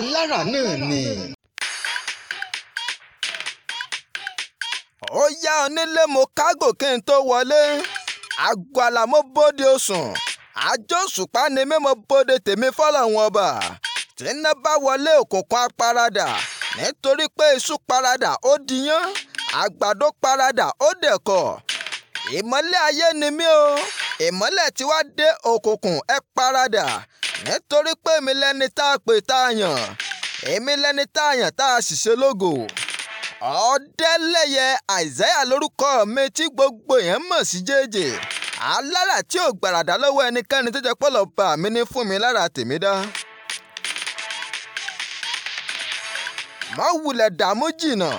alára náà ni. ó yá onílé mo kágò kí n tó wọlé àgbàlá mo bóde osùn àjọsùpá ni mí mo bóde tèmi fọlọ́run ọba tí iná bá wọlé òkùnkùn aparadà nítorí pé iṣu paradà ó diyán àgbàdo paradà ó dẹ̀kọ̀ ìmọ́lẹ̀ ayé ni mí o ìmọ́lẹ̀ tí wàá dé òkùnkùn ẹ paradà nítorí pé èmi lẹni tá a pè tá a yàn èmi lẹni tá a yàn tá a sì ṣe lógo ọ̀ọ́dẹ́lẹ̀yẹ àìsẹ́yà lórúkọ mi tí gbogbo èèyàn mọ̀ sí jẹ́jẹ́ alára tí ò gbàràdà lọ́wọ́ ẹnikẹ́ni tó jẹ́ pọ́lọ̀ bá mi ní fún mi lára tèmi dá. má wulẹ̀ dààmú jìnnà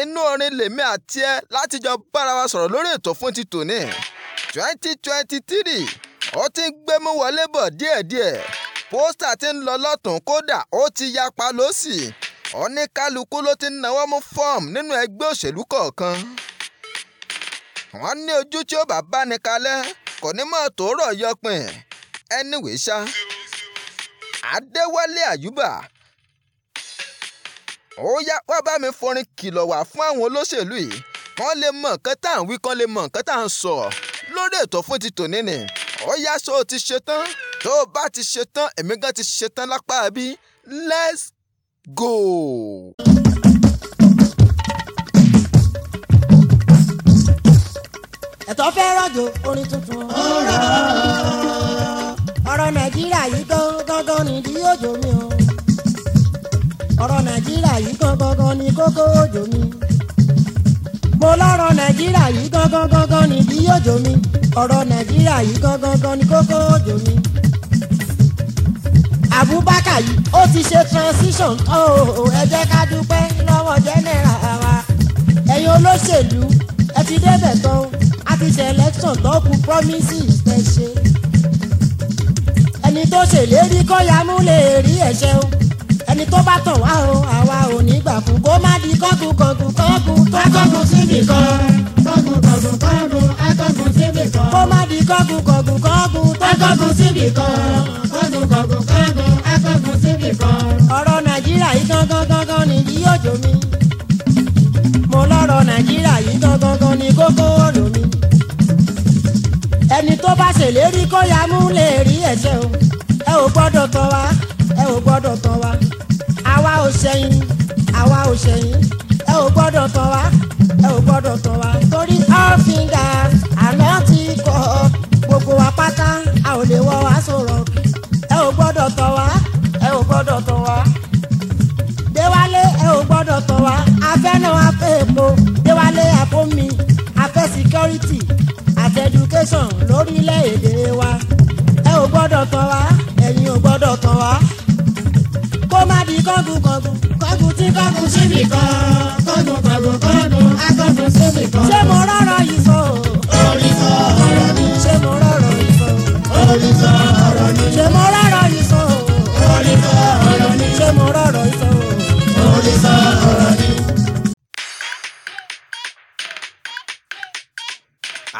inú orin lèmi àti ẹ láti jọ bára wa sọ̀rọ̀ lórí ètò fún ti tòní twenty twenty three ó ti ń gbémú wọlé bọ̀ díẹ̀díẹ̀ pósítà ti ń lọ lọ́tún kódà ó ti yapa lọ́sì oníkálukú ló ti ń náwó mú fọ́ọ̀mù nínú ẹgbẹ́ òṣèlú kọ̀ọ̀kan wọ́n ní ojú tí ó bá bá ní kalẹ̀ kò ní mọ̀ tó rọ̀ yọpin anyway ṣá Adéwálé Àyùbá ó yá wá bá mi forin kìlọ̀ wá fún àwọn olóṣèlú yìí kán lè mọ̀ nǹkan tá à ń wí kán lè mọ̀ nǹkan tá à ń sọ lórí ètò fún ti tòní ni ó yá sọ ti ṣetán tó o bá ti ṣetán èmi gan ti ṣetán lápá bí let's go. ẹ̀tọ́ fẹ́ rọ̀jò orin tuntun. ọ̀rọ̀ nàìjíríà yìí gangan nìdí òjò mi o. ọ̀rọ̀ nàìjíríà yìí gangan ni kókó òjò mi. mo lọ́rọ̀ nàìjíríà yìí gangan nìdí òjò mi. ọ̀rọ̀ nàìjíríà yìí gangan ni kókó òjò mi. Abubakar yìí ó ti ṣe transition tán o ẹ jẹ́ ká dúpẹ́ lọ́wọ́ jẹ́nẹ́ra wa ẹ̀yin olóṣèlú ẹ ti débẹ̀ tán o a ti ṣe election tó kù promises ẹ ṣe ẹni tó ṣèlérí kọ́yàmú lè rí ẹ̀ṣẹ̀ o ẹni tó bá tàn wá o àwa ò ní gbà fún kó má di kọ́gùn kọ́gùn kọ́gùn kọ́gùn síbì kan kọ́gùn kọ́gùn kọ́gùn akọ́gùn síbì kan kó má di kọ́gùn kọ́gùn kọ́gùn kọ́gùn síbì kan. lomi mo lọ́rọ̀ nàìjíríà yìí gangan ni kókó ọ̀rọ̀ ẹni tó bá ṣèlérí kó ya lè rí ẹ̀ṣẹ̀ o ẹ ò gbọ́dọ̀ tán wa ẹ ò gbọ́dọ̀ tán wa àwa ò ṣẹ̀yìn àwa ò ṣẹ̀yìn ẹ ò gbọ́dọ̀ tán wa ẹ ò gbọ́dọ̀ tán wa torí all fingers. afẹ́ náà afẹ́ epo déwálé àfọ́mi afẹ́ security àti education lórílẹ̀‐èdè wa ẹ ò gbọ́dọ̀ tàn wá ẹ̀yin ò gbọ́dọ̀ tàn wá kó má di kọ́ngùn kọ́ngùn kọ́ngùn tí kọ́ngùn síbì kan kọ́ngùn kọ́ngùn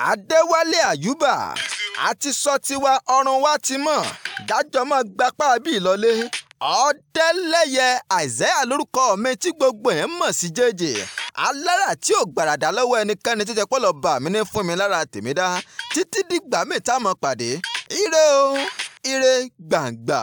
àdẹ́wálé àyùbá àti sọ tiwa ọrùn wa ti mọ̀ dájọ́ mọ́ gbapá bíi lọlé ọ̀dẹ́lẹ́yẹ àìsẹ́yà lórúkọ mi tí gbogbo yẹn mọ̀ sí jẹ́jẹ́ alára tí ò gbàràdà lọ́wọ́ ẹnikẹ́ni títẹ pọ́ lọ bà mí ní fún mi lára tèmi dá títí dìgbà mi tá mọ̀ pàdé ire o ire gbàǹgbà.